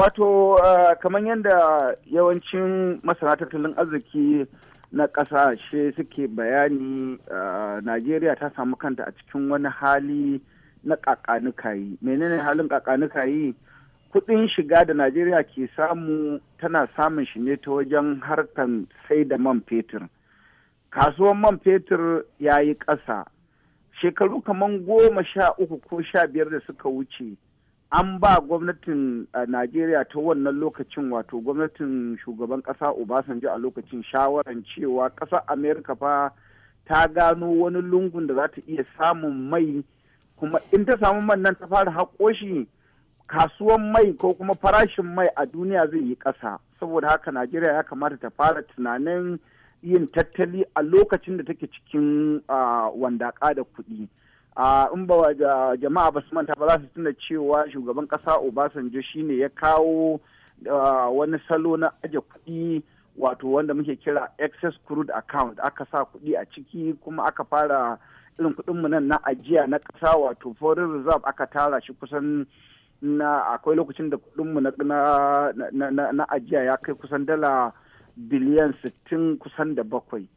Wato eh, kamar yadda yawancin masana tattalin arziki na kasashe suke bayani eh, Najeriya ta samu kanta a cikin wani hali na ƙaƙanukayi. Menene halin ƙaƙanukayi? Kuɗin shiga da Najeriya ke samu tana samun shi ne ta wajen harkan sai da man fetur. Kasuwan man fetur ya yi ƙasa. Shekaru kamar goma sha uku ko sha biyar da suka wuce. an ba gwamnatin uh, najeriya ta wannan lokacin wato gwamnatin shugaban ƙasa obasanjo a lokacin shawaran cewa ƙasar amerika fa ta gano wani lungun da za ta iya samun mai kuma in ta samu man nan ta fara haƙo kasuwan mai ko kuma farashin mai a duniya zai yi ƙasa saboda haka najeriya ya kamata ta fara tunanin yin tattali a lokacin da take cikin uh, wandaƙa da kuɗi in ba jama'a ba su manta ba za su tuna cewa shugaban kasa obasanjo shine ya kawo wani salo na aje kuɗi wato wanda muke kira excess crude account aka sa kuɗi a ciki kuma aka fara irin kuɗinmu nan na ajiya na ƙasa wato foreign reserve aka tara shi kusan na akwai lokacin da kuɗin kudinmu na ajiya ya kai kusan dala biliyan sittin kusan da bakwai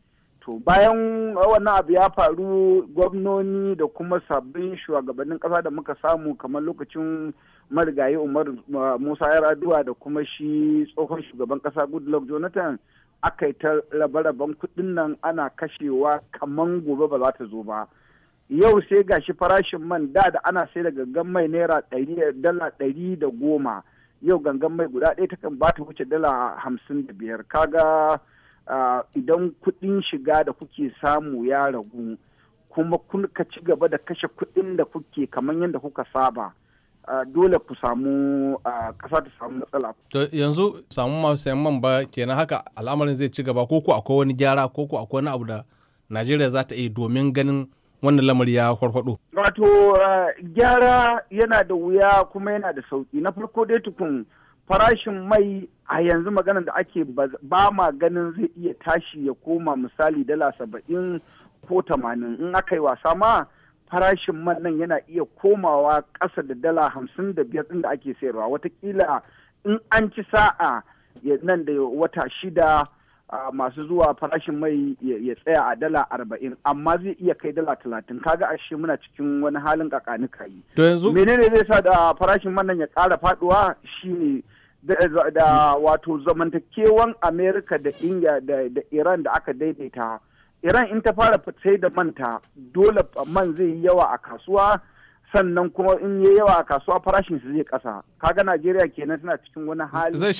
To bayan wannan abu ya faru gwamnoni da kuma sabbin shugabannin ƙasa da muka samu kamar lokacin marigayi Umar ah, Musa Yar'adua da kuma shi tsohon shugaban ƙasa Goodluck Jonathan aka yi ta rabe-raben kuɗin nan ana kashewa kamar gobe ba za ta zo ba. Yau sai gashi farashin man da da ana sai da gangan mai naira dala ɗari da goma. Yau gangan mai guda ɗaya takan ba ta wuce dala hamsin da biyar. Kaga idan kuɗin shiga da kuke samu ya ragu kuma kuka ci gaba da kashe kuɗin da kuke kamar yadda kuka saba dole ku samu ƙasa ta samu matsala. yanzu samu masu man ba kenan haka al'amarin zai ci gaba ko ku akwai wani gyara ko ku akwai wani abu da najeriya za ta yi domin ganin wannan lamari ya farfado. wato gyara yana da wuya kuma yana da sauki na farko dai tukun farashin mai a yanzu maganar da ake ba ma ganin zai iya tashi ya koma misali dala saba'in ko tamanin in aka yi wasa ma farashin man nan yana iya komawa ƙasa da dala hamsin da biyar ɗin da ake sayarwa watakila in an ci sa'a nan da wata shida masu zuwa farashin mai ya tsaya a dala arba'in amma zai iya kai dala talatin kaga ashe muna cikin wani halin kakanika yi menene zai sa da farashin man nan ya kara faɗuwa shine da wato zamantakewan amerika da india da iran da aka daidaita iran in ta fara sai da manta dole man zai yi yawa a kasuwa sannan kuma in yi yawa a kasuwa farashin su zai kasa kaga najeriya kenan tana cikin wani hali zai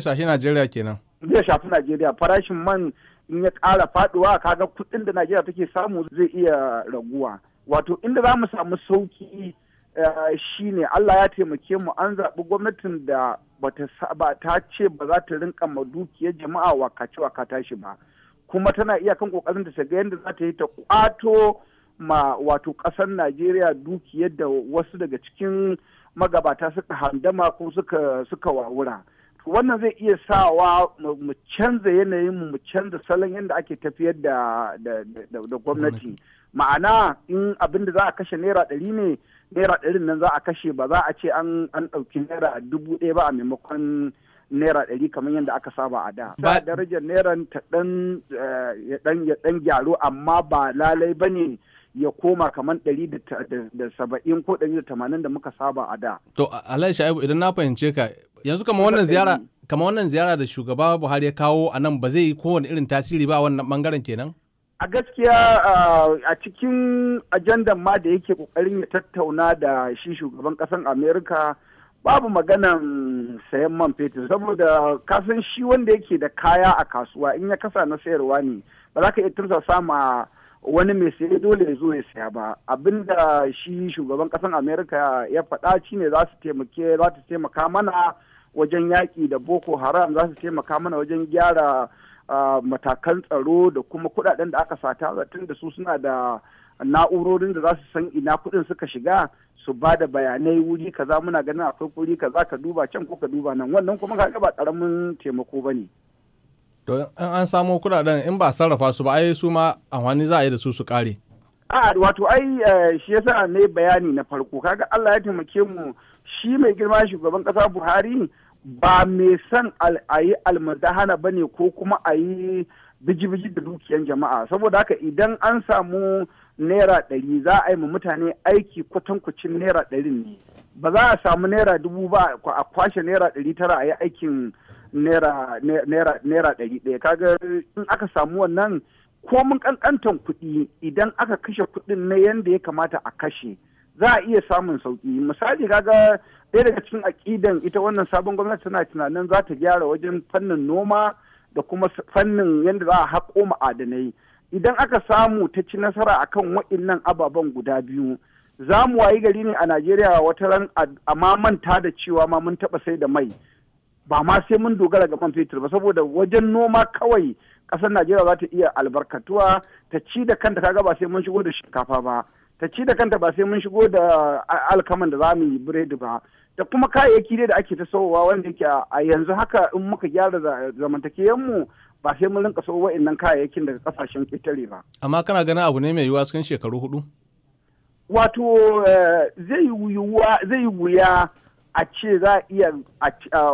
shafi najeriya kenan zai shafi najeriya farashin man in ya ƙara faduwa kaga kuɗin da najeriya take samu zai iya raguwa wato inda za mu samu sauki eh, shine allah ya taimake mu an zaɓi gwamnatin da ba ta ce ba za ta rinka ma dukiyar jama'a wakace waka tashi ba kuma tana iya kan kokarin ta ga yadda za ta yi ta kwato ma wato kasar Najeriya dukiyar da wasu daga cikin magabata suka handama ko suka suka wawura wannan zai iya sawa mu canza yanayin mu canza salon yadda ake tafiyar da gwamnati ma'ana in abin da za a kashe naira ɗari ne naira ɗarin nan za a kashe ba za a ce an ɗauki naira dubu ɗaya ba a maimakon naira ɗari kamar yadda aka saba a da. Ba darajar naira ta ɗan eh, ya ɗan gyaro amma ba lalai ba ne ya koma kamar ɗari da saba'in ko ɗari da tamanin da muka saba a da. To alaisha Sha'ibu idan na fahimce ka yanzu kama wannan ziyara kama wannan ziyara da shugaba Buhari ya kawo a nan ba zai yi kowane irin tasiri ba wannan bangaren kenan a gaskiya a cikin ajandan ma da yake kokarin ya tattauna da shi shugaban kasan Amerika babu maganan sayan man fetur saboda kasan shi wanda yake da kaya a kasuwa in ya kasa na sayarwa ne ba za ka iya tursa sama wani mai saye dole ya zo ya saya ba abinda shi shugaban kasan amerika ya faɗa shi ne za su taimake za su taimaka mana wajen yaƙi da boko haram za su taimaka mana wajen gyara matakan tsaro da kuma kuɗaɗen da aka sata tun da su suna da na'urorin da za su san ina kuɗin suka shiga su ba da bayanai wuri kaza muna ganin akwai wuri kaza ka duba can ko ka duba nan wannan kuma kaga ba karamin taimako ne. to in an samo kuɗaɗen in ba sarrafa su ba ai su ma amfani za a yi da su su kare a wato ai shi yasa ne bayani na farko kaga Allah ya taimake mu shi mai girma shugaban kasa Buhari ba mai son a yi almudahana ba ne ko kuma a yi biji-biji da dukiyan jama'a saboda haka idan an samu naira ɗari za a yi ma mutane aiki kwatankwacin naira ɗari ne ba za a samu naira dubu ba a kwashe naira ɗari tara a yi aikin naira ɗari ɗaya kaga in aka samu wannan komin ƙanƙantan kuɗi idan aka kashe kuɗin na yadda ya kamata a kashe za a iya samun sauki misali kaga ɗaya daga cikin aƙidan ita wannan sabon gwamnati tana tunanin za ta gyara wajen fannin noma da kuma fannin yadda za a haƙo ma'adanai idan aka samu ta ci nasara akan waɗannan ababen guda biyu za mu wayi gari ne a najeriya wata ran a mamanta manta da cewa ma mun taɓa sai da mai ba ma sai mun dogara ga man fetur ba saboda wajen noma kawai ƙasar najeriya za ta iya albarkatuwa ta ci da kanta kaga ba sai mun shigo da shinkafa ba ta ci da kanta ba sai mun shigo da alkaman da za mu yi biredi ba da kuma kayayyaki dai da ake ta sowa wanda yake a yanzu haka in muka gyara mu ba sai mun rinka sowa wa'annan kayayyakin daga kasashen ƙetare ba amma kana ganin abu ne mai yiwuwa cikin shekaru hudu wato eh, zai yiwuwa zai wuya a ce za a iya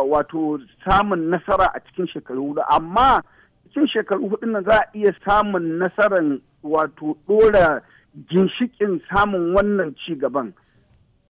wato samun nasara a cikin shekaru hudu amma cikin shekaru hudu nan za a iya samun nasaran wato dora ginshikin samun wannan ci gaban